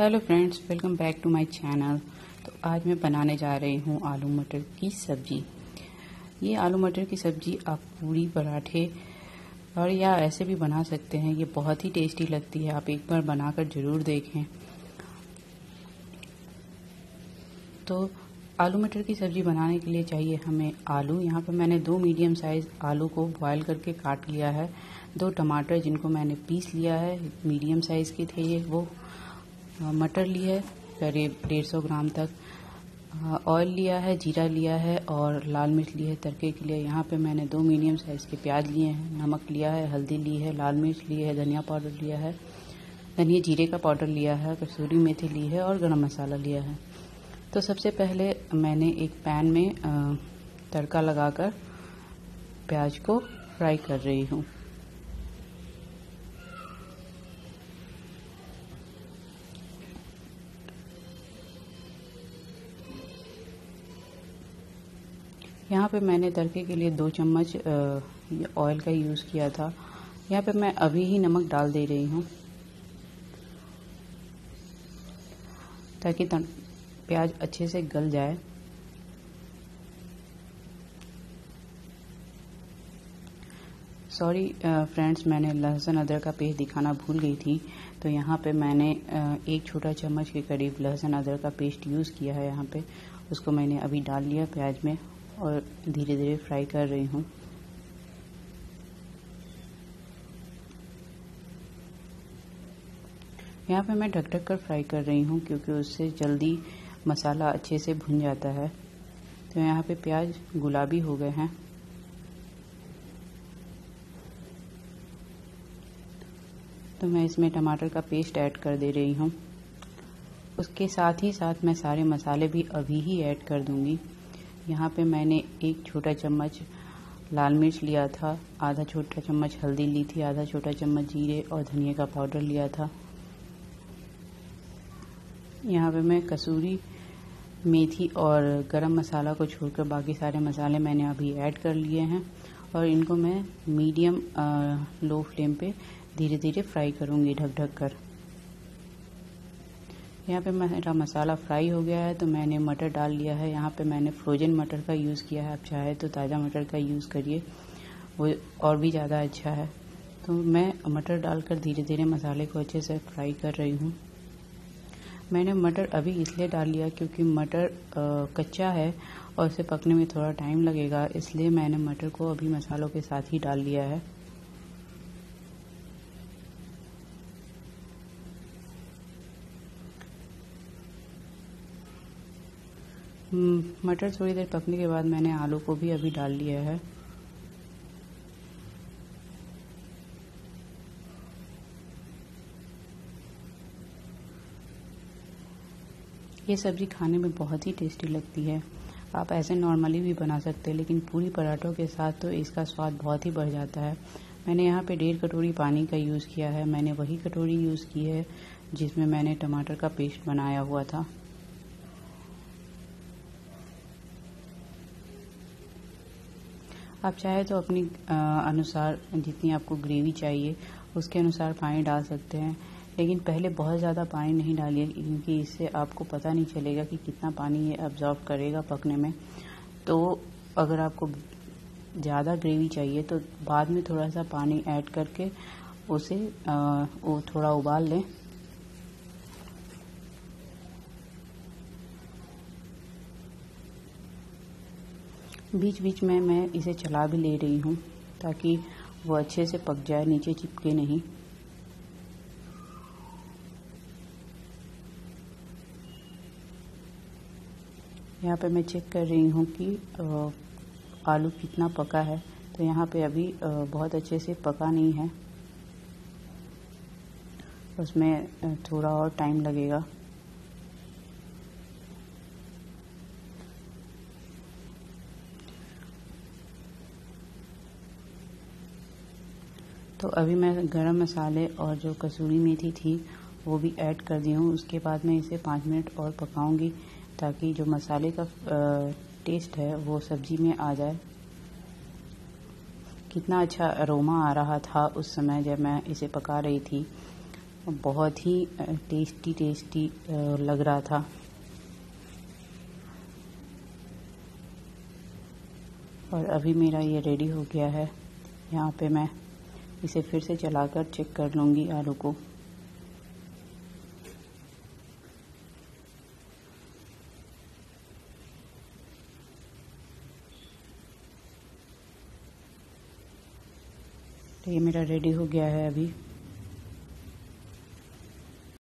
hello friends welcome back to my channel तो आज मैं बनाने जा रही हूँ आलू मटर की सब्जी ये आलू मटर की सब्जी आप पूरी पराठे और या ऐसे भी बना सकते हैं ये बहुत ही टेस्टी लगती है आप एक बार बनाकर ज़रूर देखें तो आलू मटर की सब्जी बनाने के लिए चाहिए हमें आलू यहाँ पर मैंने दो मीडियम साइज़ आलू को बॉयल करके काट लिया है दो टमाटर जिनको मैंने पीस लिया है मीडियम साइज़ के थे ये वो मटर ली है करीब डेढ़ सौ ग्राम तक ऑयल लिया है जीरा लिया है और लाल मिर्च ली है तड़के के लिए यहाँ पे मैंने दो मीडियम साइज़ के प्याज लिए हैं नमक लिया है हल्दी ली है लाल मिर्च ली है धनिया पाउडर लिया है धनिया जीरे का पाउडर लिया है कसूरी मेथी ली है और गरम मसाला लिया है तो सबसे पहले मैंने एक पैन में तड़का लगाकर प्याज को फ्राई कर रही हूँ यहाँ पे मैंने तड़के के लिए दो चम्मच ऑयल का यूज़ किया था यहाँ पे मैं अभी ही नमक डाल दे रही हूँ ताकि प्याज अच्छे से गल जाए सॉरी फ्रेंड्स मैंने लहसुन अदरक का पेस्ट दिखाना भूल गई थी तो यहाँ पे मैंने uh, एक छोटा चम्मच के करीब लहसुन अदरक का पेस्ट यूज़ किया है यहाँ पे उसको मैंने अभी डाल लिया प्याज में और धीरे धीरे फ्राई कर रही हूँ यहाँ पे मैं ढक ढक कर फ्राई कर रही हूँ क्योंकि उससे जल्दी मसाला अच्छे से भुन जाता है तो यहाँ पे प्याज गुलाबी हो गए हैं तो मैं इसमें टमाटर का पेस्ट ऐड कर दे रही हूँ उसके साथ ही साथ मैं सारे मसाले भी अभी ही ऐड कर दूंगी यहाँ पे मैंने एक छोटा चम्मच लाल मिर्च लिया था आधा छोटा चम्मच हल्दी ली थी आधा छोटा चम्मच जीरे और धनिया का पाउडर लिया था यहाँ पे मैं कसूरी मेथी और गरम मसाला को छोड़कर बाकी सारे मसाले मैंने अभी ऐड कर लिए हैं और इनको मैं मीडियम लो फ्लेम पे धीरे धीरे फ्राई करूँगी ढक ढक कर यहाँ पे मेरा मसाला फ्राई हो गया है तो मैंने मटर डाल लिया है यहाँ पे मैंने फ्रोजन मटर का यूज़ किया है आप चाहे तो ताज़ा मटर का यूज़ करिए वो और भी ज़्यादा अच्छा है तो मैं मटर डालकर धीरे धीरे मसाले को अच्छे से फ्राई कर रही हूँ मैंने मटर अभी इसलिए डाल लिया क्योंकि मटर कच्चा है और इसे पकने में थोड़ा टाइम लगेगा इसलिए मैंने मटर को अभी मसालों के साथ ही डाल लिया है हम्म, मटर थोड़ी देर पकने के बाद मैंने आलू को भी अभी डाल लिया है ये सब्ज़ी खाने में बहुत ही टेस्टी लगती है आप ऐसे नॉर्मली भी बना सकते हैं लेकिन पूरी पराठों के साथ तो इसका स्वाद बहुत ही बढ़ जाता है मैंने यहाँ पे डेढ़ कटोरी पानी का यूज़ किया है मैंने वही कटोरी यूज़ की है जिसमें मैंने टमाटर का पेस्ट बनाया हुआ था आप चाहे तो अपनी अनुसार जितनी आपको ग्रेवी चाहिए उसके अनुसार पानी डाल सकते हैं लेकिन पहले बहुत ज़्यादा पानी नहीं डालिए क्योंकि इससे आपको पता नहीं चलेगा कि कितना पानी ये अब्जॉर्ब करेगा पकने में तो अगर आपको ज़्यादा ग्रेवी चाहिए तो बाद में थोड़ा सा पानी ऐड करके उसे वो थोड़ा उबाल लें बीच बीच में मैं इसे चला भी ले रही हूँ ताकि वो अच्छे से पक जाए नीचे चिपके नहीं यहाँ पे मैं चेक कर रही हूँ कि आलू कितना पका है तो यहाँ पे अभी बहुत अच्छे से पका नहीं है उसमें थोड़ा और टाइम लगेगा तो अभी मैं गरम मसाले और जो कसूरी मेथी थी वो भी ऐड कर दी हूँ उसके बाद मैं इसे पाँच मिनट और पकाऊंगी ताकि जो मसाले का टेस्ट है वो सब्जी में आ जाए कितना अच्छा अरोमा आ रहा था उस समय जब मैं इसे पका रही थी बहुत ही टेस्टी टेस्टी लग रहा था और अभी मेरा ये रेडी हो गया है यहाँ पे मैं इसे फिर से चलाकर चेक कर लूँगी आलू को तो ये मेरा रेडी हो गया है अभी